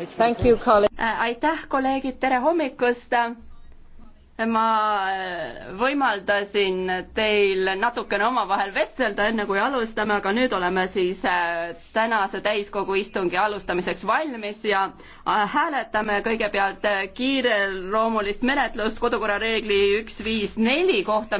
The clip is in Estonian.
You, äh, aitäh, kolleegid, tere hommikust! ma äh, võimaldasin teil natukene omavahel vestelda, enne kui alustame, aga nüüd oleme siis äh, tänase täiskogu istungi alustamiseks valmis ja hääletame kõigepealt kiireloomulist menetlust kodukorrareegli üks viis neli kohta, mis